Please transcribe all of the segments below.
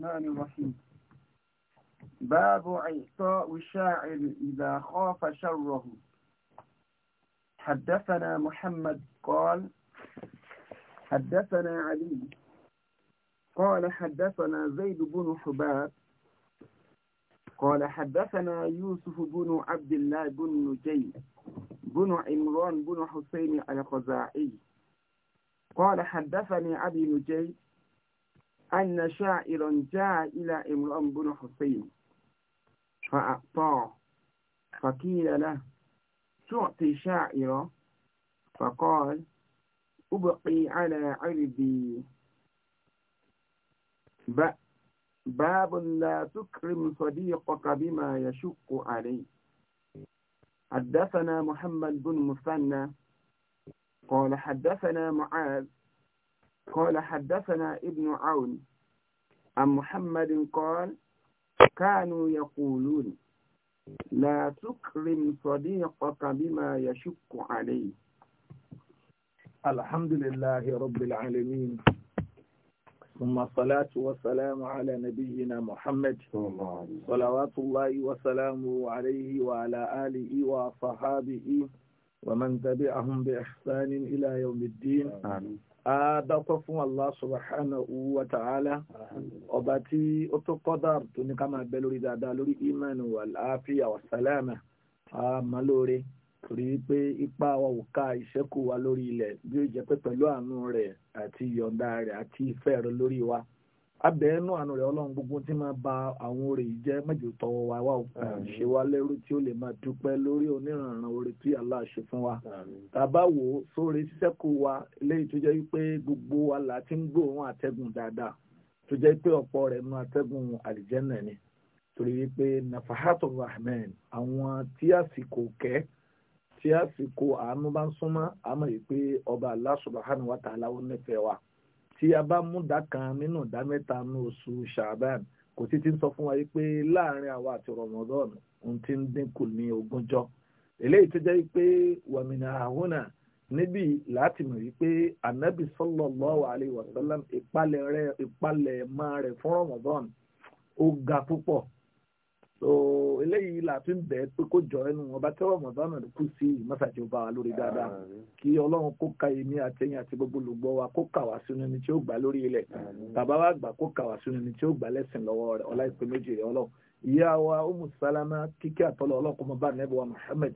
الرحمن الرحيم باب عطاء الشاعر إذا خاف شره حدثنا محمد قال حدثنا علي قال حدثنا زيد بن حباب قال حدثنا يوسف بن عبد الله بن نجي بن عمران بن حسين الخزاعي قال حدثني أبي نجيب أن شاعرا جاء إلى امرأة بن حسين فأعطاه فقيل له تعطي شاعرا فقال أبقي على عرضي باب لا تكرم صديقك بما يشق عليه حدثنا محمد بن مثنى قال حدثنا معاذ قال حدثنا ابن عون عن محمد قال كانوا يقولون لا تكرم صديقك بما يشك عليه الحمد لله رب العالمين ثم الصلاة والسلام على نبينا محمد صلوات الله وسلامه عليه وعلى آله وصحابه ومن تبعهم بإحسان إلى يوم الدين آمين adọ́pẹ́ fún Allah subhanahu wa ta'ala ọba tí ó tó kọ́dà tó ní ká máa bẹ lórí dáadáa lórí imanu àlàáfíà wa sàlámà àmàlóore torí pé ipa wa ò ká ìṣẹ́kù wa lórí ilẹ̀ bí ó jẹ́ pé pẹ̀lú àánú rẹ̀ àti ìyọ̀ǹda rẹ̀ àti ìfẹ́ rẹ̀ lórí wa abẹ́ẹ́nú àánú rẹ̀ ọlọ́run gbogbo tí máa ba àwọn oore yìí jẹ́ mẹ́jọ tọwọ́ wa wá o ṣe wá lẹ́rú tí ó lè máa dúpẹ́ lórí oníranran oore tí Allah ṣe fún wa tàbá wò ó sóore ṣẹ́kù wa eléyìí tó jẹ́ wípé gbogbo wa là ti ń gbóòórùn àtẹ́gùn dáadáa tó jẹ́ pé ọ̀pọ̀ rẹ̀ nu àtẹ́gùn àlìjẹ́nà ni torí wípé nafahatul rahman àwọn tí àsìkò kẹ́ tí àsìkò àánú bá ń súnmọ́ àmọ́ yìí Allah subhanahu wa ta'ala ó tí a bá mú ìdá kan nínú ìdá mẹ́ta ní oṣù ṣàbán kò sí ti ń sọ fún wa yìí pé láàrin àwa àti Ramadan ohun tí ń dínkù ní ogúnjọ́ eléyìí tó jẹ́ pé wàmìnà àhúnà níbi láti mọ̀ wípé anabi sallallahu alayhi wa sallam ìpalẹ̀ máa rẹ̀ fún Ramadan ó ga púpọ̀ so eléyìí la fi ń bẹ pé kó jọ ẹnu ọba tí wọn mọ̀tọ́ náà kú sí ìmọ̀sàjì ọba wa lórí dáadáa kí ọlọ́run kó ka èmi àtẹ̀yìn àti gbogbo olùgbọ́ wa kó kà wá sínú ẹni tí ó gbà lórí ilẹ̀ bàbá wa gbà kó kà wá sínú ẹni tí ó gbà lẹ́sìn lọ́wọ́ rẹ̀ ọlá ìpè méjì rẹ̀ ọlọ́run ìyá wa umu salama kíkẹ́ àtọ́lọ́ ọlọ́kùn mọ́ bá nẹ́bù wa muhammed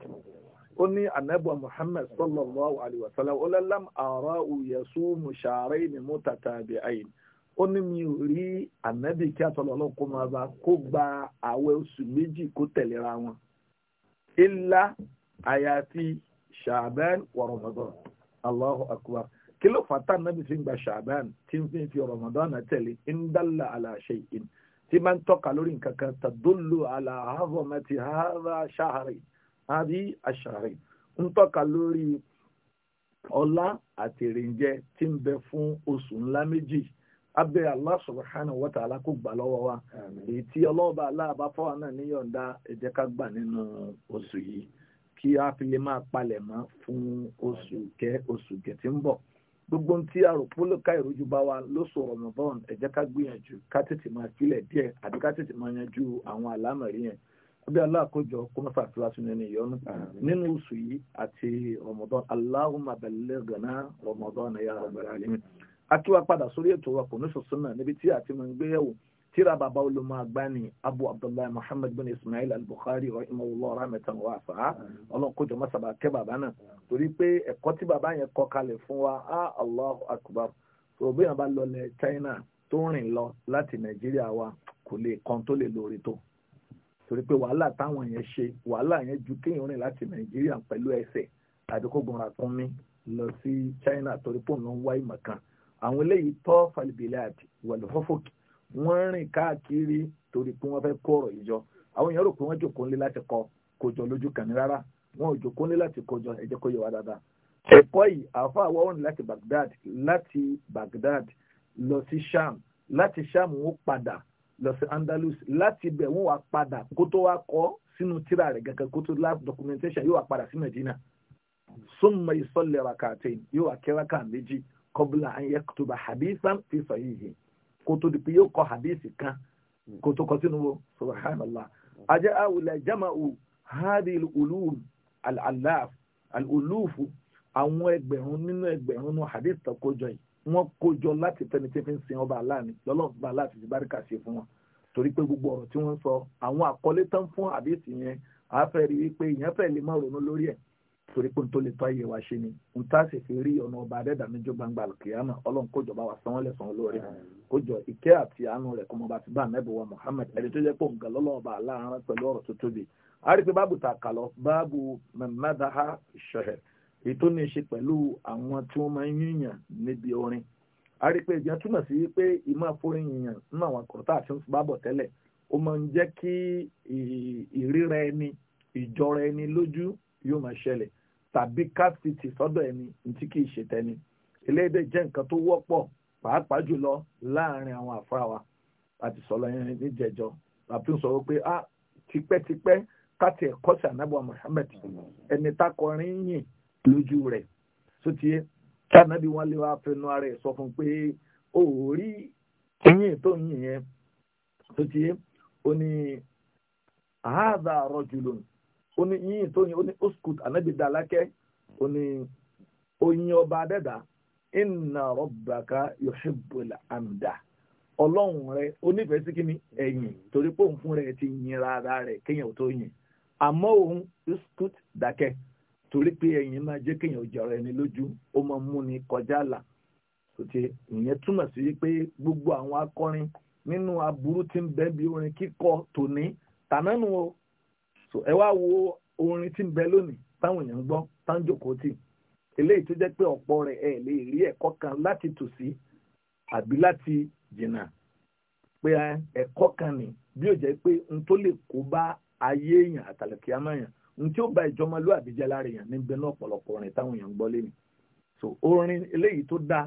ó ní anabu muhammed sallallahu alayhi wa sallam ó àrà òyẹ̀sùn mùsàárẹ̀ ni mú tàtàbí àyìn ó ní mi ò rí ànábì kí àtọ̀lọ́lọ́ kó máa bá kó gba àwẹ̀ oṣù méjì kó tẹ̀léra wọn ilá àyàfi ṣàbẹ́n wà rọ̀mọ́dọ́n Allahu kí ló fàtà ànábì fi ń gba ṣàbẹ́n tí ń fi fi rọ̀mọ́dọ́n àtẹ̀lé ń dálà àlà shay'in tí máa ń tọ́ka lórí nǹkan kan tàdúlù àlà hàrà ṣàhàrì àbí àṣàrì ń tọ́ka lórí ọlá tí ń bẹ fún abẹ Allah subhanahu wa ta'ala kó gbà lọ́wọ́ wa èyí tí ọlọ́ọ̀bà aláàbá fọ́wọ́ náà níyọ̀ǹda ẹ ká gbà nínú oṣù a fi lè máa palẹ̀ mọ́ fún oṣù kẹ oṣù kẹ tí ń bọ̀ gbogbo tí arùpúlò ká ìrújú bá wa lóṣù Ramadan ẹ ká gbìyànjú ká tètè máa filẹ̀ díẹ̀ àti ká tètè máa yanjú àwọn yẹn aláàkójọ kó akíwá padà sórí ètò wa kò ní sọ̀sọ́nà níbi tí àti mọ̀ ń gbé yẹ̀wò tíra bàbá olùmọ̀ àgbáni abu abdullahi muhammad bin ismail al-bukhari rahimahullah rahmatan wa afa ọlọ́kọjọ masaba kẹ́ bàbá náà torí pé ẹ̀kọ́ tí bàbá yẹn kọ́ kalẹ̀ fún wa ah allahu akbar òbí yẹn bá lọlẹ̀ china tó rìn lọ láti nàìjíríà wa kò lè kan tó lè lórí tó torí pé wàhálà táwọn yẹn ṣe wàhálà yẹn ju kéèyàn rìn láti nàìjíríà pẹ̀lú ẹsẹ̀ àdókògùn ràkúnmí lọ sí china torí pòun ló ń wá àwọn eléyìí tọ́ falbilad wal hufuq wọ́n rìn káàkiri torí pé wọ́n fẹ́ kó ọ̀rọ̀ ìjọ àwọn èèyàn rò pé wọ́n jòkó ńlẹ̀ láti kọ́ kójọ lójú kan ní rárá wọn ò jòkó ńlẹ̀ láti kójọ ẹ jẹ́ kó yé wa dáadáa. ẹ̀kọ́ yìí àáfà wọ́n rìn láti Baghdad láti Baghdad lọ sí Sham láti Sham wọ́n padà lọ sí Andalus láti bẹ̀ wọ́n wá padà kó tó wá kọ́ sínú tíra rẹ̀ gẹ́gẹ́ kó tó lab documentation yóò wá padà sí Medina. summa yusalli rak'atayn yóò wá kí méjì kọ́bùlà an yaktuba hadithan fi sahihi kó tó di pé yóò kọ́ hadith kan kó tó kọ́ sínú wo subhanallah ajá àwùlẹ̀ jama'u hadil ulum al-alaf al-ulufu àwọn ẹgbẹ̀rún nínú ẹgbẹ̀rún nínú hadith tó kójọ yìí wọ́n kójọ láti fẹ́ni tí fi ń sin ọba aláàánú lọ́lọ́ọ̀bá aláàtì ti báríkà ṣe fún wọn torí pé gbogbo ọ̀rọ̀ tí wọ́n sọ àwọn àkọlé tán fún hadith yẹn àáfẹ́ rí wípé ìyẹn fẹ́ lè má ronú lórí ẹ̀ torí pé n tó lè tọ́ ayé wa ṣe ni n tá sì fi rí ọ̀nà ọba adẹ́dàmíjọ́ gbangba kìyàmà ọlọ́run kó jọba wa sanwó lẹ́sàn-án lórí kó jọ ìkẹ́ àti àánú rẹ̀ kó mọ bá ti bá ànábì wa Muhammad ẹni tó jẹ́ pé òǹkà lọ́lọ́ọ̀ba aláàárán pẹ̀lú ọ̀rọ̀ tó tóbi a rí pé báàbù tà kàlọ́ báàbù mẹ́mẹ́dáhà ṣẹ̀hẹ̀ èyí ní í ṣe pẹ̀lú àwọn tí wọ́n máa ń yíyàn níbi orin yóò máa ṣẹlẹ̀ tàbí capcity sọ́dọ̀ ẹni tí kì í ṣe tẹni eléyìí jẹ́ nǹkan tó wọ́pọ̀ pàápàá jùlọ láàrin àwọn àfáà wa àti sọ̀rọ̀ yẹn níjẹjọ àfi ń sọ wípé a tipẹ́tipẹ́ káti ẹ̀kọ́ sí anábọ̀ Muhammad ẹni takọrin yìn lójú rẹ̀ sótìyẹ tí anábì wọn lé wa fẹnu ara ẹ̀ sọ fún pé o ò yìn tó yìn yẹn sótìyẹ ó ní àádà rọjùlọ ó ní yíyìn tó yin ó ní oskut anabi dalakẹ ó oyin ọba adẹ́dà inna rabbaka yuhibbul amda ọlọ́run rẹ onífẹ̀ẹ́ kíni ẹ̀yìn torí pé òun fún rẹ ti yin rárá rẹ kéèyàn tó yin àmọ́ òun oskut dákẹ́ torí pé ẹ̀yìn máa jẹ́ kéèyàn jọrọ ẹni lójú ó máa mú ni kọjá gbogbo àwọn akọrin nínú aburú ń bí so ẹ wá wo orin tí ń bẹ lónìí táwọn èèyàn ń gbọ́ táwọn tì eléyìí tó jẹ́ pé ọ̀pọ̀ rẹ̀ ẹ̀ lè rí ẹ̀kọ́ kan láti tòsí àbí láti jìnnà pé ẹ̀kọ́ kan ni bí ó jẹ́ pé n tó lè kó bá ayé èèyàn àtàlẹ́kẹ́ amáyàn n tí ó ba ìjọmọlúwàbí jẹ́ lára èèyàn níbẹ̀ náà ọ̀pọ̀lọpọ̀ orin táwọn èèyàn ń gbọ́ lé ni so orin eléyìí tó dáa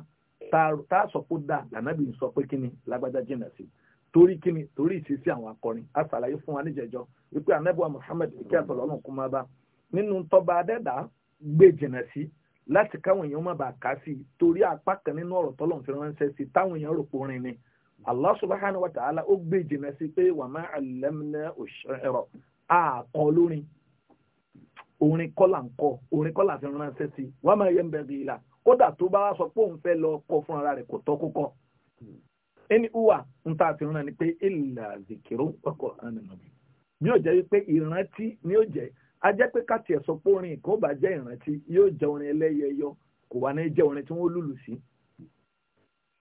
tá a sọ pé ó dáa lànà bí n sọ pé kíni lágbájá jìnnà sí i torí ni torí ìṣesí àwọn akọrin aṣàlàyé fún wa níjẹjọ wípé anábíwá Muhammad kí àtọ̀lọ́ náà kú máa bá nínú tọ́ba adẹ́dà gbé jìnnà sí láti káwọn èèyàn má bàa kà sí torí apá kan nínú ọ̀rọ̀ tọ́lọ̀ fi ránṣẹ́ sí táwọn èèyàn rò porin ni Allah subhanahu wa ta'ala ó gbé jìnnà sí pé wa ma allamna ash-shi'ra àkọ́ lórin orin kọ́là ń kọ́ orin kọ́là fi ránṣẹ́ sí wa ma yanbaghi la kódà tó bá wá sọ pé òun fẹ́ lọ kọ́ fún rẹ̀ kò tọ́ kó ẹni uwa ń ta àfihàn náà ni pé ìlà zìkìrò ọkọ̀ ànàmọ́bí ni yóò jẹ́ wípé ìrántí ni yóò jẹ́ a jẹ́ pé káàtì ẹ̀sọ́ pórin kó bá jẹ́ ìrántí yóò jẹ́ orin ẹlẹ́yẹyọ kò wá ní jẹ́ orin tí wọ́n lùlù sí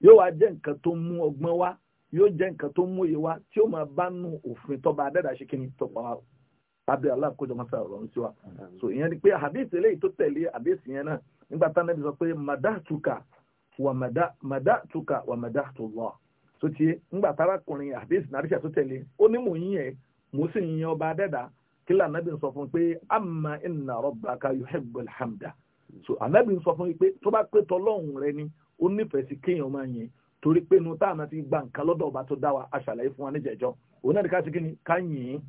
yóò wá jẹ́ nǹkan tó mú ọgbọ́n wá yóò jẹ́ nǹkan tó mú òye wá tí ó máa bá nu òfin tọ́ba adẹ́dà ṣe kíni tọ́pa wa abẹ́ aláàkójọ máa fẹ́ ọ̀rọ̀ ń sí wa so ìyẹn ni pé àbíyèsí eléyìí tó tẹ̀lé àbíyèsí yẹn náà nígbà táwọn ẹbí sọ pé màdá tuka wà màdá tuka wà màdá tó lọ́ọ̀ tó ti ńgbà tárakùnrin àdéhùn nàríṣà tó tẹ̀lé ó ní mò ń yẹ mò sì ń yan ọba adẹ́dà kí lànà bí n sọ fún un pé amma inna rabbaka yuhibbul hamda so ànábì ń sọ fún mi pé tó bá pé tọlọ́hún rẹ ni ó nífẹ̀ẹ́ sí kéèyàn máa yẹn torí pé inú táwọn ti gba nǹkan lọ́dọ̀ ọba tó dá wa aṣàlàyé fún wa níjẹ̀jọ́ òun náà ní ká ṣe kíni ká yìn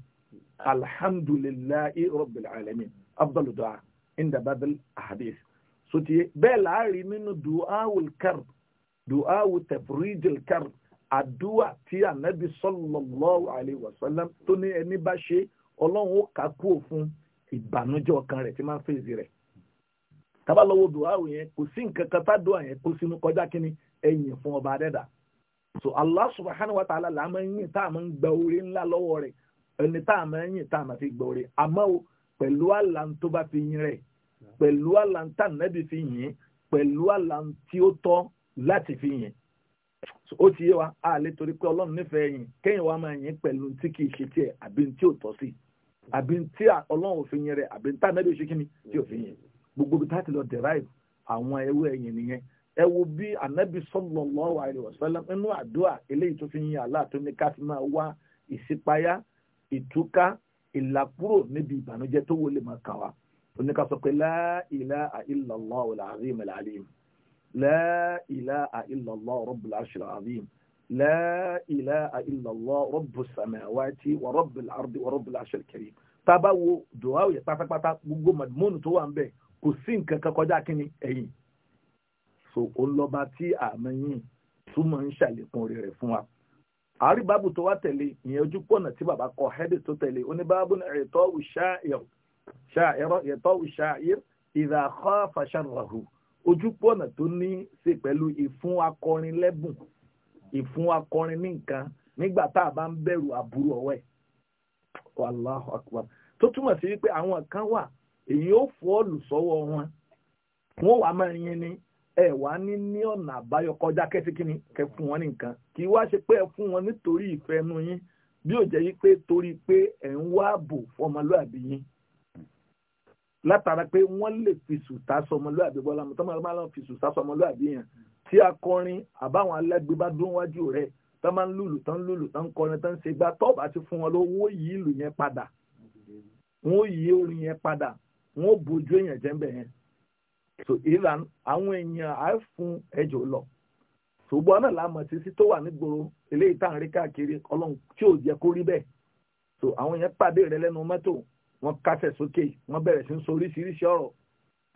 alhamdulillahi rabbil alamin afdalu du'a inda babil so tiye bẹ́ẹ̀ láàrin nínú du'a kar du'a wul kar àdúà tí ànábì sallallahu alaihi wasallam tó ní ẹni bá ṣe ọlọ́run ó kà kúò fún ìbànújẹ́ ọkàn rẹ̀ tí máa ń fèsì rẹ̀ tábà lọ́wọ́ dùhàwù yẹn kò sí nǹkan kan tá dùhà yẹn kó sínú kọjá kínní ẹ̀yìn fún ọba adẹ́dà so Allah subhanahu wa ta'ala là máa ń yìn tá a máa ń gba orí ńlá lọ́wọ́ rẹ̀ ẹni tá a máa ń yìn tá a máa fi gba orí àmọ́ o pẹ̀lú àlà tó bá fi yìn rẹ̀ pẹ̀lú àlà tá nàbì fi yìn pẹ̀lú àlà tí ó tọ́ láti fi yìn ó ti yé wa a lè torí pé ọlọ́run nífẹ̀ẹ́ yìn kéèyàn wa máa yìn pẹ̀lú tí kì í ṣe tiẹ̀ àbí tí ò tọ́ sí àbí tí ọlọ́run ò fi yìn rẹ̀ àbí tá ànábì ṣe kíni tí ò fi yìn gbogbo bí táàtì lọ derive àwọn ẹwẹ́ ẹ̀yìn nìyẹn ẹ wo bí ànábì sallallahu alaihi wasallam nínú àdúrà eléyìí tó fi yìn Allah tó ní ká fi máa wá ìṣípayá ìtúká ìlàkúrò níbi ìbànújẹ́ tó wọlé máa kàn wá oníkàsọ pé la ilaha illallahu لا إله إلا الله رب العرش العظيم لا إله إلا الله رب السماوات ورب الأرض ورب العرش الكريم tábà wo dùhà òye pátápátá gbogbo mọ̀dúnmọ́nù tó wà ń bẹ̀ so ó lọ́ba tí àmọ́ yìí túmọ̀ ń ṣàlékún rẹ̀ fún wa. àárí báàbù tó wá tẹ̀lé ìyẹn ojú pọ̀nà tí bàbá kọ hẹ́dẹ̀ tó tẹ̀lé ó ní báàbù ní ẹ̀tọ́ ìṣáàìrọ̀ ìṣáàìrọ̀ ìṣáàìr sharrahu ojúpọ̀ ọ̀nà tó ní ṣe pẹ̀lú ìfún akọrin lẹ́bùn ìfún akọrin ní nǹkan nígbà tá a bá ń bẹ̀rù àbúrò ọ̀wẹ́ Allahu akbar tó túmọ̀ sí wípé àwọn kan wà èyí ó fọ́ọ̀lù sọ́wọ́ wọn wọn wàá máa yin ni ẹ wà á ní ní ọ̀nà àbáyọ kọjá kẹ́síkíní kẹ fún wọn nìkan kì í wá ṣe pé ẹ fún wọn nítorí ìfẹ́ nu yín bí ó jẹ́ yí pé torí pé ẹ̀ ń wá ààbò fọmọlúàbí yín látara pé wọ́n lè fi sùtá sọmọlúàbí bọ́lá mọ́tọ́ máa lọ fi sùtá sọmọlúàbí yẹn tí akọrin àbáwọn alágbé bá dún wájú rẹ̀ tó máa ń lùlù tó ń lùlù tó ń kọrin tó ń ṣe gbá tó bá ti fún wọn lówó wọ́n yí ìlù yẹn padà wọ́n yí orin yẹn padà wọ́n bójú èèyàn jẹ́ yẹn so ìlà àwọn èèyàn á fún ẹjọ́ lọ ṣùgbọ́n náà lámọ̀ títí tó wà nígboro eléyìí tá à ń rí káàkiri ọlọ́run tí ò jẹ́ kó rí bẹ́ẹ̀ so àwọn yẹn pàdé rẹ lẹ́nu mọ́tò wọ́n kásẹ̀ sókè wọ́n bẹ̀rẹ̀ sí ń sọ oríṣiríṣi ọ̀rọ̀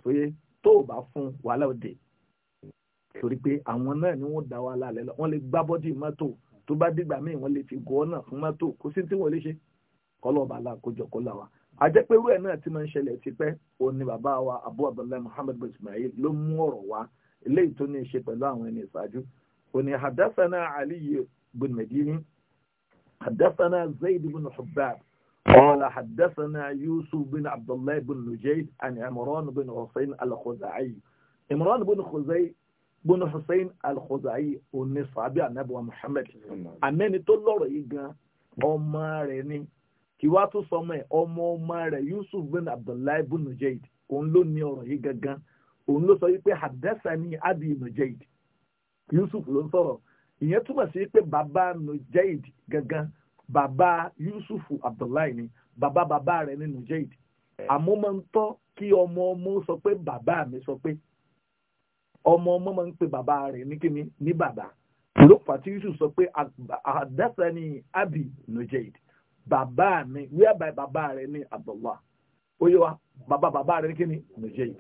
fòye tó o bá fún wàhálà òde torí pé àwọn náà ni wọ́n dá wàhálà lẹ́lọ wọ́n lè gbá bọ́dì mọ́tò tó bá dìgbà míì wọ́n lè fi gọ́ náà fún mọ́tò kó sí tí wọ́n lè ṣe kọ́lọ́ọ̀bà aláàkójọ kó là wá àjẹpẹ́rú ẹ̀ náà ti máa ń ṣẹlẹ̀ tipẹ́ òun ni bàbá wa abu abdullahi muhammad bin ismail ló mú ọ̀rọ̀ wá eléyìí tó ní í ṣe pẹ̀lú àwọn ẹni ìṣáájú òní hadathana ali bin medini hadathana zayd bin hubbab قال حدثنا يوسف بن عبد الله بن نجيد عن عمران بن حسين الخزاعي عمران بن خزي بن حسين الخزاعي òní sàbí ànábì Muhammad àmẹ́ni tó lọ́rọ̀ yìí gan ọmọ rẹ̀ ni kí wàá tún sọmọ ẹ̀ ọmọ ọmọ rẹ̀ Yusuf bin Abdullahi bin Nujayd òun ló ní ọ̀rọ̀ yìí gangan òun ló sọ wípé hadassani abi Nujayd Yusuf ló ń sọ̀rọ̀ ìyẹn túmọ̀ sí pé bàbá Nujayd gangan bàbá Yusufu Abdullahi ni bàbá bàbá rẹ̀ nínú Nujaid àmọ́ máa ń tọ́ kí ọmọ ọmọ sọ pé bàbá mi sọ pé ọmọ ọmọ máa ń pe bàbá rẹ̀ ní kíni ní bàbá ló tí Yusuf sọ pé àdásá ni abi Nujaid bàbá mi wíwá bàbá rẹ̀ ní Abdullah ó wa bàbá bàbá ní kíni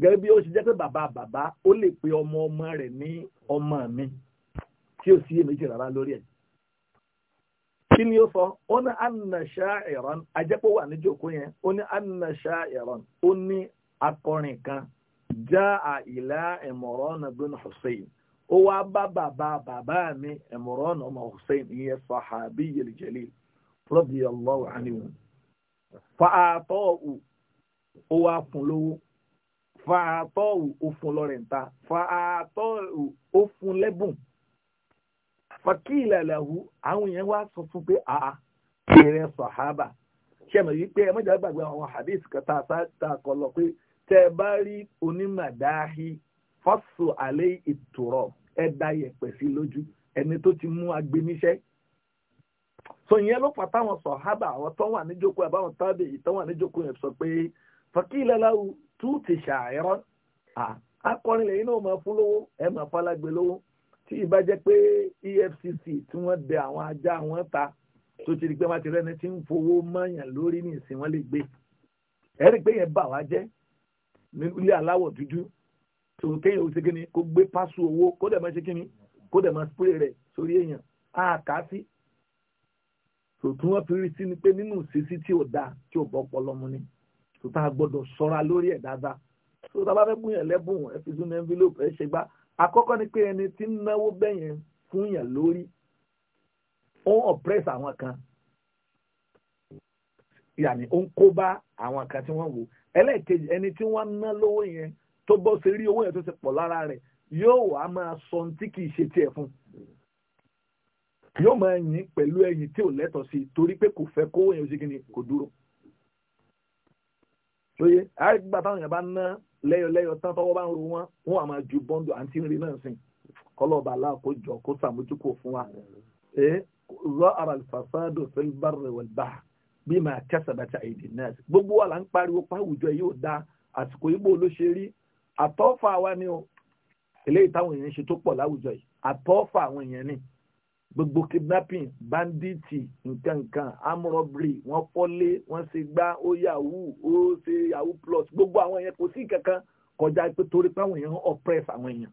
gẹ́gẹ́ bí ó ṣe jẹ́ pé bàbá bàbá ó lè pe ọmọ ọmọ rẹ̀ ní ọmọ mi tí ò sí èméjì rárá lórí ẹ̀. kí ni ó sọ ó ní anna sha'iran ajẹ́pọ̀ wà ní jòkó yẹn ó ní anna sha'iran ó ní akọrin kan jaa ila Imran bin Hussein ó wá bá bàbá bàbá mi Imran ọmọ Hussein ìyẹn sahabiyyil jalil radiyallahu fa fa'atahu ó wá fún lówó. fa àtọ́ òfun lọ́rẹ̀ǹta fa àtọ́ òfun lẹ́bùn fakíìlà làwù àwọn yẹn wá sọ fún pé àá kẹrẹ sàhábà ṣẹmọ yìí pé ẹ má gbàgbé àwọn hadith kan tá a kọ lọ pé tẹ ẹ bá rí onímàdáhì fọsọ àlẹ ìtòrọ ẹ dá yẹ̀pẹ̀ sí lójú ẹni tó ti mú agbéníṣẹ́ sọ yẹn ló pàtàwọn sàhábà àwọn tó wà níjókòó àbáwọn tábìlì tó wà níjókòó yẹn sọ pé fakíìlà làwù tú ti ṣàìrọ́ akọrin lẹ́yìn náà máa fún lówó ẹ máa falágbe lówó tí ìbá jẹ́ pé EFCC tí wọ́n dẹ àwọn ajá wọn ta tó ti di pé wọ́n ti rẹ́ni tí ń fowó mọ́yàn lórí ní ìsìn wọn lè gbé ẹ rí i pé yẹn bà wá jẹ́ nílé aláwọ̀ dúdú tó kéèyàn ó ṣe kí ni kó gbé pásù owó kó dẹ̀ máa ṣe kí ni kó dẹ̀ máa spray rẹ̀ sórí èèyàn á kà á sí tòtún wọn fi rí sí ni pé nínú sísí tí ò dáa tí ò bọ́ pọlọmú ni tó tá a gbọ́dọ̀ ṣọ́ra lórí ẹ̀ dáadáa tó tá a bá fẹ́ bùn yẹn lẹ́bùn ẹ fi sínú envelope ẹ ṣe gbá àkọ́kọ́ ni pé ẹni tí ń náwó bẹ́yẹn fún yẹn lórí ó ń oppress àwọn kan yàní ó ń kó bá àwọn kan tí wọ́n wò ẹlẹ́ẹ̀kejì ẹni tí wọ́n ná lówó yẹn tó bọ́ sí rí owó yẹn tó ti pọ̀ lára rẹ̀ yóò wá máa sọ tí kìí ṣe tiẹ̀ fún yóò máa yìn pẹ̀lú ẹ̀yìn tí ò lẹ́tọ̀ọ́ sí torí pé kò fẹ́ kówó yẹn ó ṣe kí ni kò dúró lóye àárí gbígbà táwọn èèyàn bá ná lẹ́yọ lẹ́yọ tán tọ́wọ́ bá ń ro wọn wọn àmọ́ ju bọ́ńdù àǹtí rí náà sìn kọ́lọ́ọ̀bà aláàkójọ kó sàmójúkò fún wa rọ ara fasado filbari wẹlba bí máa kẹsàbàtà èdè náà gbogbo wa là ń pariwo pàwùjọ yóò da àsìkò ibo ló àtọ́fà wa ni o eléyìí táwọn èèyàn ṣe tó pọ̀ láwùjọ yìí àtọ́fà àwọn èèyàn ni gbogbo kidnapping banditi nkankan amrobri wọ́n fọ́lé wọ́n ṣe gbá ó yahoo ó ṣe yahoo plus gbogbo àwọn yẹn kò sí kankan kọjá pé torí pé àwọn èèyàn oppress àwọn èèyàn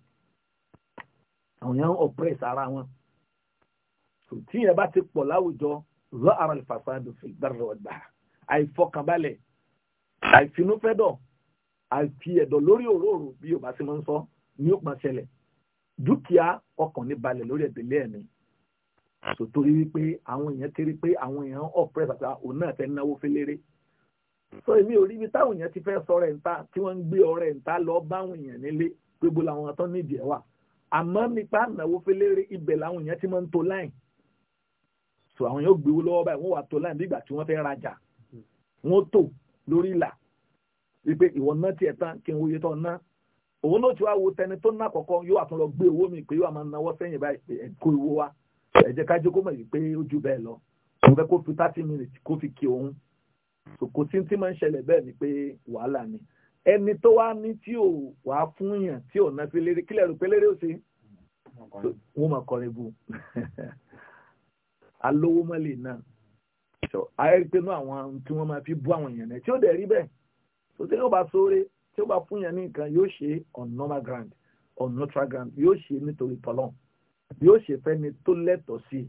àwọn èèyàn oppress ara wọn tí yẹn bá ti pọ̀ láwùjọ lọ ara ìfàsádò fi gbàrọ̀ ọ̀dà àìfọkànbalẹ̀ àìfinúfẹ́dọ̀ àìfi ẹ̀dọ̀ lórí òróòrò bí yorùbá sì máa ń sọ ní òpin ṣẹlẹ̀ dúkìá ọkàn ní balẹ̀ lórí ẹ̀dẹ̀lẹ́ so torí wípé àwọn èèyàn ti rí pé àwọn èèyàn ọ̀pẹ́ àti òun náà fẹ́ náwó fẹ́lẹ́rẹ́ so èmi ò rí ibi táwọn èèyàn ti fẹ́ sọ rẹ̀ níta tí wọ́n ń gbé ọrẹ̀ níta lọ báwọn èèyàn nílé gbogbo làwọn àtọ́ nídìí ẹ̀ wà àmọ́ nípa náwó fẹ́lẹ́rẹ́ ibẹ̀ làwọn èèyàn ti máa ń to láìn so àwọn èèyàn gbéwó lọ́wọ́ báyìí wọ́n wà to láìn bí ìgbà tí wọ́n fẹ́ rajà wọ́n tò lórí ìlà wípé ìwọ ná tiẹ̀ tán kí n wo iye tó ná òun ló ti wá wo tẹni tó ná kọ̀ọ̀kan yóò àtúnlọ gbé owó mi pé yóò máa náwó sẹ́yìn báyìí kó owó wa ẹ jẹ́ ká jókòó mọ̀ yìí pé ó ju bẹ́ẹ̀ lọ òun fẹ́ kó fi thirty minutes kó fi kí òun kò sí tí máa ń ṣẹlẹ̀ bẹ́ẹ̀ ni pé wàhálà ni ẹni tó wá ní tí ò wá fún yàn tí ò ná fi lérè kílẹ̀ rò pé lérè ó ṣe wọ́n máa kọrin bu alówó mọ́lẹ̀ náà àìrìpẹ́nu àwọn tí wọ́n máa fi bú àwọn èèyàn náà tí ó dẹ̀ rí bẹ́ẹ̀ tó tí yóò bá sóore tí ó bá fún yàn ní nǹkan yóò ṣe on normal ground on neutral ground yóò ṣe nítorí tọ́lọ́n yóò ṣe fẹ́ni tó lẹ́tọ̀ọ́ sí i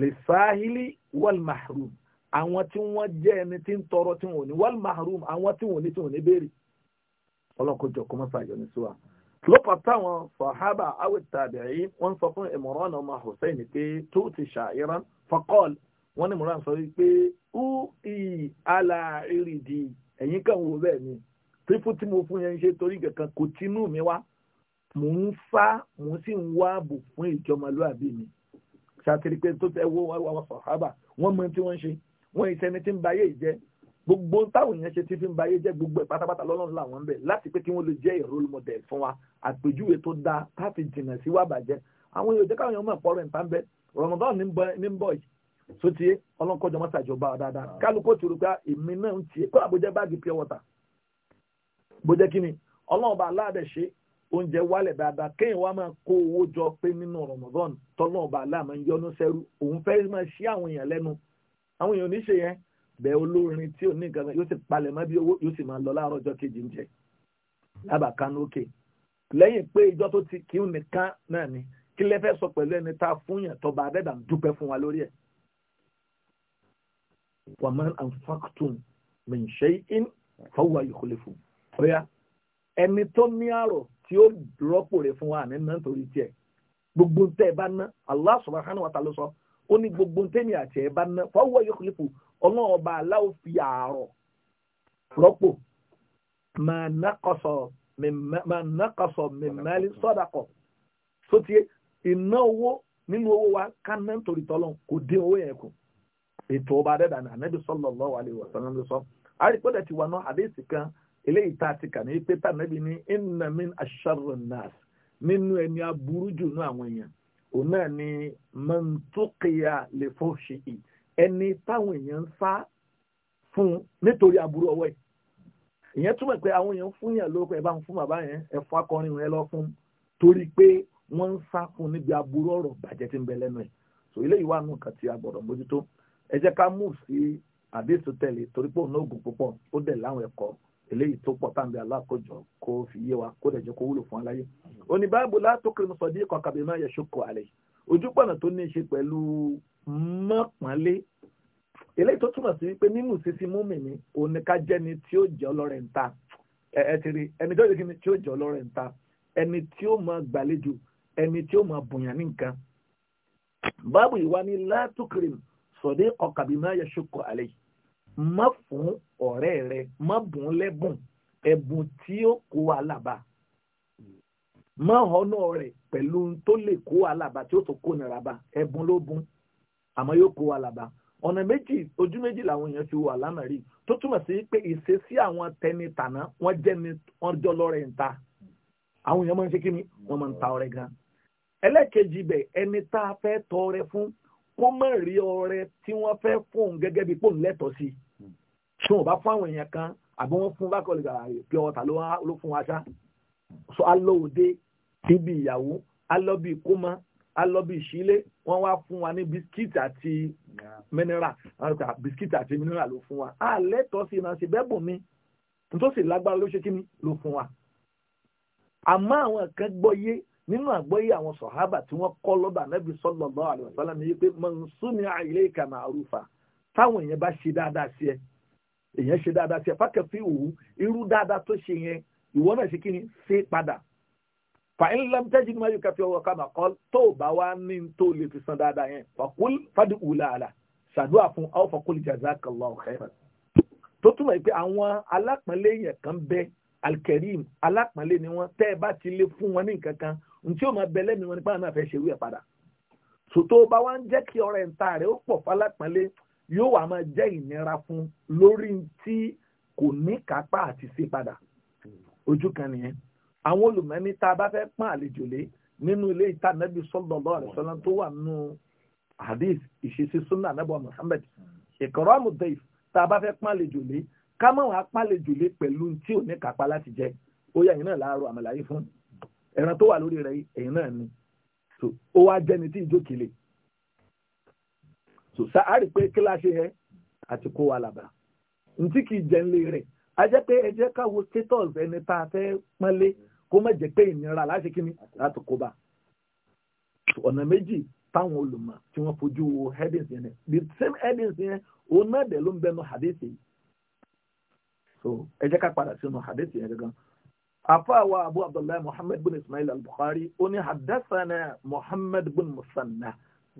lè sáhìlì wàlmahrum àwọn tí wọ́n jẹ́ ẹni tí ń tọrọ tí wọ́n ní wàlmahrum àwọn tí wọ́n ní tí wọ́n ní béèrè ọlọ́kọjọ kọ́ mọ́sá yọ ní sí wa. lọ́pàá táwọn sọ̀hábà awẹ́ tàbíyí wọ́n sọ fún Imran ọmọ Hussein pé tó ti ṣàìrán faqal wọ́n ní Imran sọ pé ó ì alárìdì ẹ̀yìn kan wo bẹ́ẹ̀ ni fífún tí mo fún yẹn ń ṣe torí kankan kò tinú mi wá mò ń fa mò sì ń wá ààbò fún ìjọmọlúàbí mi ṣàtìrí pé tó tẹ wọ àwọn sàhábà wọ́n mọ tí wọ́n ń ṣe wọ́n ìṣẹni tí ń bayé ìjẹ gbogbo táwọn èèyàn ṣe ti fi ń bayé jẹ gbogbo ẹ pátápátá lọ́lọ́run làwọn ń bẹ láti pé kí wọ́n lè jẹ́ role model fún wa àpèjúwe tó dáa láti jìnnà sí wàá bàjẹ́ àwọn èèyàn jẹ́ káwọn èèyàn mọ̀ pọ̀rọ̀ nǹkan bẹ Ramadan ní ń bọ̀ yìí sóti ọlọ́nkọ́jọ mọ́ta ìjọba dáadáa ah. kálukó ti rò pé ah, èmi náà ń tiẹ̀ kó àbójẹ́ báàgì pure water bójẹ́ kí ni ọlọ́run bá aláàdẹ̀ ṣe oúnjẹ wálẹ̀ dáadáa kéèyàn wá máa kó owó jọ pé nínú Ramadan tọ́lọ́ ọba aláàmọ́ ń yọnu sẹ́rú òun fẹ́ máa ṣí àwọn èèyàn lẹ́nu àwọn èèyàn oníṣe yẹn bẹ́ẹ̀ olórin tí ò ní nǹkan kan yóò sì palẹ̀ mọ́ bí owó yóò sì máa lọ láàárọ̀ ọjọ́ kejì ń jẹ lábàkánú òkè lẹ́yìn pé ìjọ tó ti kí nìkan náà ni kí lẹ fẹ́ sọ pẹ̀lú ẹni tá a fún yàn tọba abẹ́dà ń dúpẹ́ fún wa lórí ẹ̀. ẹni tó ní àrò tí ó rọ́pò rẹ̀ fún wa àmì náà nítorí tiẹ̀ gbogbo tẹ́ ẹ bá ná Allah subhanahu wa ta'ala sọ ó ní gbogbo tẹ́mi àti ẹ bá ná fọwọ́ yóò kúlẹ̀ fún ọlọ́run ọba aláwo fi àárọ̀ rọ́pò máa nákọ̀sọ̀ mẹ́mẹ́lì sọ́dàkọ̀ sótìyẹ ìná owó nínú owó wa ká ná nítorí tọ́lọ́n kò dín owó yẹn kù ètò ọba adẹ́dàá ní Ànábì sallallahu alaihi wasallam ló sọ àríkọ́dẹ̀ ti wà náà àdéhìsì kan eléyìí tá a ti kà ní pépà nàbí ní inna min asharri nínú ẹni aburú jù nú àwọn èèyàn òun náà ni mọ̀ntòkìyà lè fọ́ ṣe é ẹni táwọn èèyàn ń sá fún nítorí aburú ọwọ́ ẹ̀ ìyẹn túmọ̀ pé àwọn èèyàn fún yàn lóko ẹ̀ bá ń fún bàbá yẹn ẹ̀ fún akọrin yẹn lọ fún torí pé wọ́n ń sá fún níbi aburú ọ̀rọ̀ bàjẹ́ tí ń bẹ lẹ́nu ẹ̀ so eléyìí wà nù kàn tí a gbọ́dọ̀ mójútó ẹ jẹ́ ká mú sí àdéhùn tẹ̀lé torí pé òun náà gùn púpọ̀ ó dẹ̀ láwọn ẹ̀kọ́ eléyìí tó pọ̀ táǹbì alákòjọ kó fi yé wa kó dẹ̀ jẹ́ kó wúlò fún wa láyé. òní báàbò látòkìrì sọ̀dí kọ̀ọ̀kan bí máa yẹ ṣokò àlẹ́ ojúpọ̀nà tó ní í ṣe pẹ̀lú mọ́pọ́nlé eléyìí tó túmọ̀ sí wípé nínú sísí múmi ni òun ká jẹ́ ni tí ó jẹ́ ọlọ́rẹ̀ ń ẹ ti rí ẹni tó jẹ́ kí ni tí ó jẹ́ ọlọ́rẹ̀ ń ta ẹni tí ó máa gbàlejò ẹni tí ó máa bùyàn ní nǹkan. báàbò ìwà ni látòkìrì sọ̀dí má fún ọ̀rẹ́ rẹ má bùn lẹ́bùn ẹ̀bùn tí ó kó alàbà má ọ̀nà rẹ̀ pẹ̀lú tó lè kó alàbà tí ó tó kó nira bá ẹ̀bùn ló bùn àmọ́ yóò kó alàbà ọ̀nà méjì ojú méjì làwọn èèyàn fi wà lánàá rí tó túmọ̀ sí pé ìṣesí àwọn tẹni tàná wọ́n jẹ́ni wọ́n jọ lọ́rẹ̀ ń ta àwọn èèyàn máa ń ṣe kí ni wọ́n máa ń ta ọrẹ gan ẹlẹ́ẹ̀kejì bẹ̀ ẹni tá a fẹ́ tọrẹ fún kó mọ̀ rí ọrẹ tí wọ́n fẹ́ fóun gẹ́gẹ́ bí pòun lẹ́tọ̀ọ́ sí tí wọ́n bá fún àwọn èèyàn kan àbí wọ́n fún bákọ̀lì pé ọ̀tà ló fún wa ṣá so alọ́ òde síbi ìyàwó alọ́ bíi kómọ alọ́ bíi sílé wọ́n wá fún wa ní bisikíìtì àti mineral bisikíìtì àti mineral ló fún wa a lẹ́tọ̀ọ́ sí iná sí bẹ́bùn mi tó lágbára ló ṣe kí ni ló fún wa àmọ́ àwọn kan gbọ́ yé nínú àgbọ́yé àwọn sọ̀hábà tí wọ́n kọ́ lọ́dọ̀ ànábì sallallahu alaihi wasallam ni pé man sumi'a ilayka ma'rufa táwọn èèyàn bá ṣe dáadáa sí ẹ èèyàn ṣe dáadáa sí ẹ fákẹ́fì òwú irú dáadáa tó ṣe yẹn ìwọ náà ṣe kí ni ṣe padà fàyín lam tajid ma yukafi ọwọ́ kama kọ́ tó o bá wá ní tó o lè fi san dáadáa yẹn fàkúl fàdí wùlà ṣàdúrà fún aw fàkúl jazakallahu khairan alkarim alápọ̀nlé ni wọ́n tẹ́ ẹ bá ti lè fún wọn ní nǹkan kan n tí ó máa bẹ lẹ́mìí wọn nípa náà fẹ́ ṣe wí ẹ̀ padà sòtó bá wá ń jẹ́ kí ọrẹ ń ta rẹ̀ ó pọ̀ falápẹ́lẹ́ yóò wá máa jẹ́ ìnira fún lórí tí kò ní kápá àti ṣe padà ojú kan nìyẹn àwọn olùmọ̀ẹ́ni tá a bá fẹ́ pọ́n àlejò lé nínú ilé ìtànẹ́bí sallallahu alaihi wasallam tó wà nínú hadith ìṣesí sunnah anábọ̀ Muhammad ikramu dayf tá a bá fẹ́ pọ́n àlejò lé ká má wàá pọ́n àlejò lé pẹ̀lú tí ò ní kápá láti jẹ ó yà yín náà láàárọ̀ àmàlà fún un ẹran tó wà lórí rẹ̀ ẹ̀yìn náà ni ó wá jẹ́ni tí ìjókèlè so sáárì pé kíláàsì yẹn àti kó wa làbà ntí kì í jẹ́ nílé rẹ̀ a jẹ́ pé ẹ jẹ́ ká wo status ẹni tá a fẹ́ pọ́nlé kó má jẹ́ pé ìnira láti kíni láti kó bá ọ̀nà méjì táwọn olùmọ̀ tí wọ́n fojú wo headings yẹn the same headings yẹn òun náà dẹ̀ ló ń bẹnu hadith yìí so ẹ jẹ́ ká padà sínú hadith yẹn gangan àfàwà abu abdullahi muhammad bin ismail al-bukhari ó ní hadassana muhammad bin musanna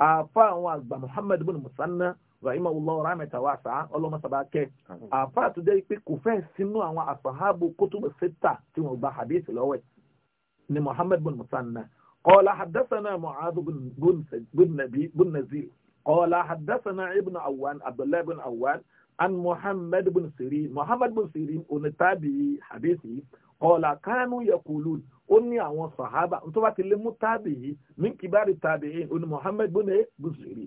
àfàwọn àgbà muhammad bin musanna rahima allah rahmata wasa ọlọmọ sabakẹ àfa àtúndé pé kò fẹ́ sínú àwọn asahabu kutubu sita tí wọ́n gba hadith lọ́wọ́ ni muhammad bin musanna qala hadathana mu'adh bin nabi bin nazir qala hadathana ibn awan abdullahi bin awan an muhammad bin sirin muhammad bin sirin onitabi hadith kọlà kánú yẹkùlù ó ní àwọn sàhábà tó bá ti lé mú tábì yìí minkibari tábì yìí ó ní Muhammad bóne bùsùlì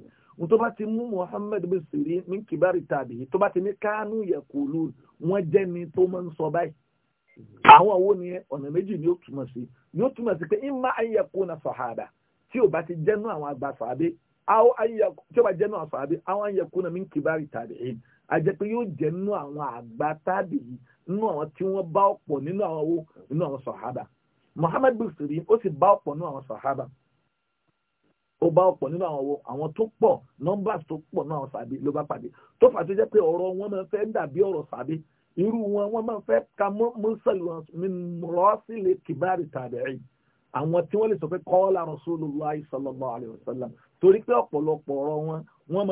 tó bá ti mú Muhammad bùsùlì minkibari tábì yìí tó bá ti ní kánú yẹkùlù wọn jẹ́ ni tó máa ń sọ báyìí àwọn wo ni ọ̀nà méjì ni ó túmọ̀ sí ni ó túmọ̀ sí pé ìmọ̀ ayẹ̀kùn náà sàhábà tí ò bá ti jẹ́nu àwọn àgbà sàhábà àwọn ayẹ̀kùn tí ò bá tábì yìí a jẹ́ pé yóò jẹ́ nínú àwọn àgbà tábì yìí nínú àwọn tí wọ́n bá ọ̀pọ̀ nínú àwọn owó nínú àwọn sọ̀hábà Muhammad bin Sirin ó sì bá ọ̀pọ̀ nínú àwọn sọ̀hábà ó bá ọ̀pọ̀ nínú àwọn owó àwọn tó pọ̀ nọ́mbà tó pọ̀ nínú àwọn sàbí ló bá pàdé tó fà tó jẹ́ pé ọ̀rọ̀ wọn máa fẹ́ dàbí ọ̀rọ̀ sàbí irú wọn wọn máa fẹ́ ka mọ́sálùmọ́sílè kìbárì tàbí'í àwọn tí lè sọ pé kọ́ọ́lá Rasulullah sallallahu alaihi wasallam torí pé ọ̀pọ̀lọpọ̀ ọ̀rọ̀ wọn wọn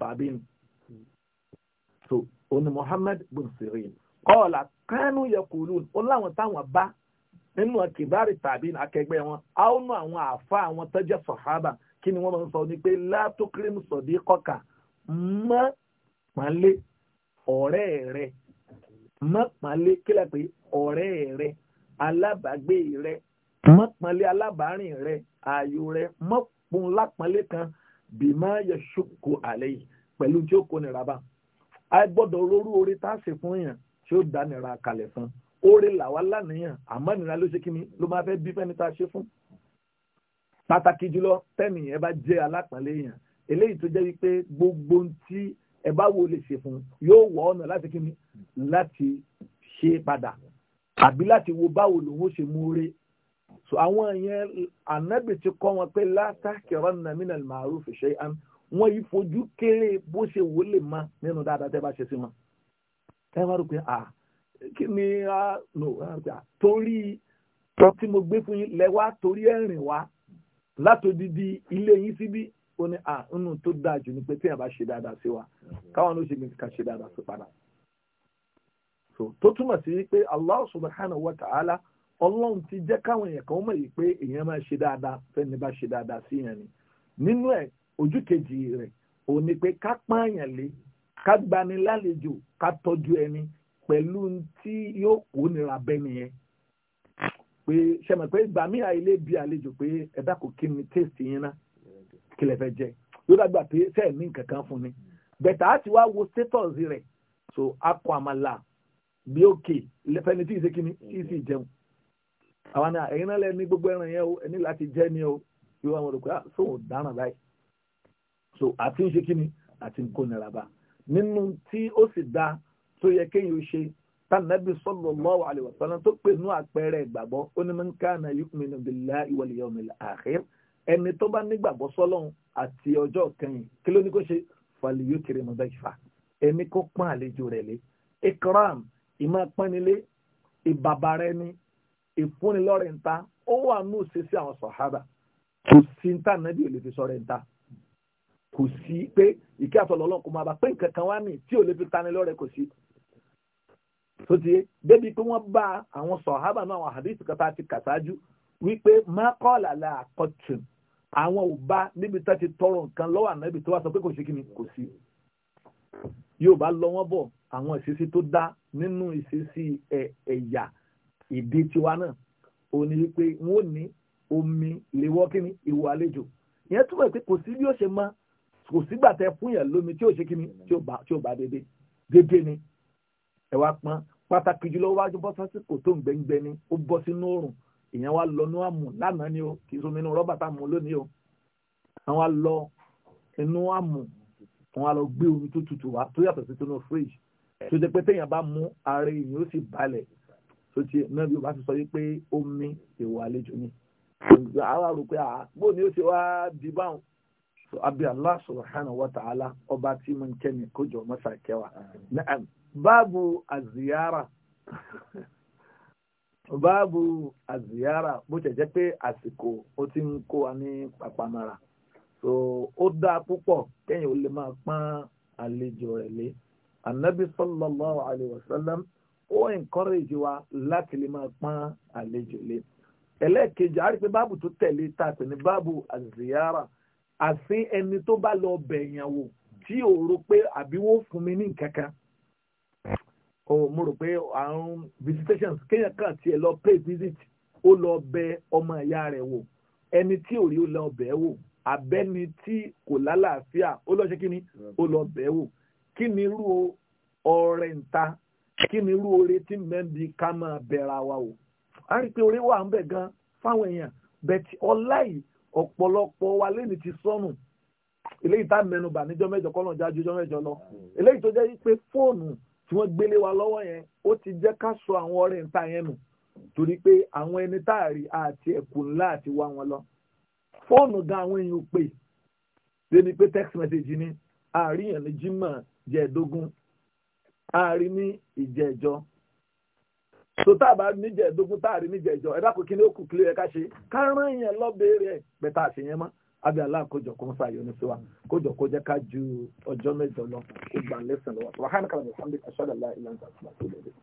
máa ń so òun ni Muhammad bin Sirin kọ́ọ̀là kánú yaqulun ó táwọn bá nínú akibari tàbí wọn aunu àwọn àfa àwọn tọ́jẹ́ sọ̀hábà kí ni wọ́n sọ ni pé la tukrim sadiqaka mọ́ pálé ọrẹ rẹ mọ́ pálé kílẹ̀ pé ọrẹ rẹ alábàágbé rẹ mọ́ pálé alábàárìn kan a gbọ́dọ̀ rorú oore tá a ṣe fún èèyàn tí ó dánira kalẹ̀ fún oore làwa lánìyàn àmọ́ nira ló ṣe kí ni ló máa fẹ́ bí fẹ́ni tá a ṣe fún. pàtàkì jùlọ tẹ́nìyàn bá jẹ́ alápàlẹ́ èèyàn eléyìí tó jẹ́ wípé gbogbo tí ẹ bá wo lè ṣe fún yóò wọ ọ̀nà láti kí ni láti ṣe padà àbí láti wo báwo lòun ó ṣe mú oore so àwọn yẹn ànábì ti kọ́ wọn pé látàkìrọ̀ nàmínà màrúfù ṣe é wọn yìí fojú kéré bó ṣe wò lè má nínú dáadáa tẹ́ bá ṣe sí ma ẹ wá rò pé à ah, kí ni ah, ah, a no torí tí mo gbé fún yín lẹ́wà torí ẹ̀rìn wá látòdìdí ilé yín síbí ó ní à nínú tó dáa jù ni pé tí yẹn bá ṣe dáadáa sí wa káwọn ló ṣe ní ká ṣe dáadáa sí padà tó túmọ̀ sí pé Allah subhanahu wa ta'ala ọlọ́run ti jẹ́ káwọn èèyàn kan mọ̀ yìí pé èèyàn máa ṣe dáadáa fẹ́ni bá ṣe dáadáa sí yẹn ni nínú ẹ̀ ojú kejì rẹ̀ ò ní pé ká pààyàn lé ká gbani lálejò ká tọ́jú ẹni pẹ̀lú tí yóò kó nira bẹ́ni yẹn pé sẹ́mi pé ìgbà mí àìlè bí àlejò pé ẹ̀dá kò kí ni tèèsì yín ná kí lè fẹ́ jẹ yóò dàgbà pé sẹ́ẹ̀ ní kankan fún ni bẹ̀tà á ti wá wo status rẹ̀ so akọ àmàlà bí òkè lẹ́fẹ̀ẹ́ni tí ì ṣe kí ni tí ì sì jẹun àwọn ẹ̀yin náà lẹ́ni gbogbo ẹran yẹn o ẹni láti jẹ́ ni o yóò àwọn olùkọ́ sóhùn dáràn báyìí so àti ń ṣe kí ni àti ń kó nira bá nínú tí ó sì dá tó yẹ kéèyàn ṣe tànàbí sallallahu alaihi wasallam tó pè ní àpẹẹrẹ ìgbàgbọ́ ó ní man kana yu'minu billahi wal yawmil akhir ẹni tó bá nígbàgbọ́ sọ́lọ́run àti ọjọ́ kẹyìn kí ló ní kó ṣe falyukrim dayfa ẹni kó pọ́n àlejò rẹ̀ lé ikram ìmọ̀ pọ́nilé ìbàbàrà ẹni ìfúnnilọ́rẹ̀ ń ta ó wà ní òṣèṣe àwọn sàhábà kò sí ń tà náà ń ta kò sí pé ìkẹ́ àtọ̀lọ́ ọlọ́run kò máa bá pé nǹkan kan wá nì tí ò lè fi tani lọ́rẹ̀ kò sí. tó ti yé débi pé wọ́n bá àwọn sọ̀hábà náà àwọn àdìsí kan tá a ti kà sáájú wípé mákọ́ọ̀lá la àkọ́tún àwọn ò bá níbi tá ti tọrọ nǹkan lọ́wọ́ ànábì tó wá sọ pé kò sí kíni kò sí. yóò bá lọ wọ́n bọ̀ àwọn ìṣesí tó dá nínú ìṣesí ẹ̀yà ìdí tiwa náà ò ní wípé wọ́n ní omi ìléwọ́ kíni ìwọ àlejò ìyẹn túmọ̀ pé kò sí bí ó ṣe máa kò sígbà tẹ fún yàn lómi tí ò ṣe kíni tí ò bá dédé dédé ni ẹ wá pọn pàtàkì jùlọ wájú bọ́ sásìkò tó ń gbẹ́ngbẹ́ ni ó bọ́ sínú òrùn èèyàn wá lọ ní àmù lánàá ni o kì í sọ nínú rọ́bà tá a mú lónìí o àwọn lọ inú àmù wọn wá lọ gbé omi tó tutù wá tó yàtọ̀ sí tónú fridge tó jẹ́ pé téèyàn bá mú ara èèyàn ó sì balẹ̀ tó ti náà bí o bá ti sọ wípé omi èèwọ̀ àlejò ni àwọn àrò pé àá bóun ni ó ti wá di báwọn so abi allah subhanahu wa ta'ala ọba tí mo ń kẹ́ ni kó jọ mọ́sà kẹwàá na'am báàbù àzìyára báàbù àzìyára bó tẹ̀ jẹ́ pé àsìkò ó ti ń kó wa ní pàpàmọ́ra so ó dáa púpọ̀ kẹ́yìn ó lè máa pọ́n àlejò rẹ̀ lé anabi sallallahu alayhi wa sallam encourage wa láti lè máa pọ́n àlejò lé ẹlẹ́ẹ̀kejì a rí pé báàbù tó tẹ̀lé tá a pè ní báàbù àzìyára àfi ẹni tó bá lọ bẹ̀yàn wò tí ò rò pé àbí wọ́n fún mi ní nǹkan kan mo rò pé àrùn visitations kéèyàn kan tiẹ̀ lọ pay visit ó lọ bẹ ọmọ ìyá rẹ̀ wò ẹni tí ò rí ó lọ bẹ̀ wò abẹ́ni tí kò lálàáfíà ó lọ ṣe kí ni ó lọ bẹ̀ wò kí ni irú ọrẹ̀ ń kí ni irú oore tí mẹ́bí ká máa bẹ̀ra wa wò a rí i pé oore wà ń bẹ̀ gan fáwọn èèyàn bẹ̀tì ọlá ọ̀pọ̀lọpọ̀ wa lẹ́ni ti sọnù eléyìí tá mẹ́nu bà níjọ́ mẹ́jọ kọ́ náà jájú jọ́ mẹ́jọ lọ eléyìí tó jẹ́ pé fóònù tí wọ́n gbélé wa lọ́wọ́ yẹn ó ti jẹ́ ká sọ àwọn ọ̀rẹ́ ń ta yẹn nù torí pé àwọn ẹni táàrí àti ẹ̀kùn ńlá àti wá wọn lọ fóònù gan àwọn èèyàn pè débi pé text message ni àárín yẹn ní jimá jẹ́ẹ̀dógún àárín ni ìjẹ́ẹ̀jọ́ so tá a bá níjẹ ìdógún tá a rí níjẹ ìjọ ẹ̀dá kò kí ni ó kù kílé ẹ̀ka ṣe kárán yẹn lọ́bẹ̀ẹ́rẹ́ pẹ̀tà àṣeyẹn mọ́ abẹ́ aláàkójọ kó ń sa ìyọnu sí wa kójọ kó jẹ́ ká ju ọjọ́ mẹ́jọ lọ kó gbà lẹ́sìn lọ́wọ́ wàhálà kàlàyé sàmdé aṣọ́dàlá ìlànà àti àtúntò lẹ́dẹ̀ẹ́.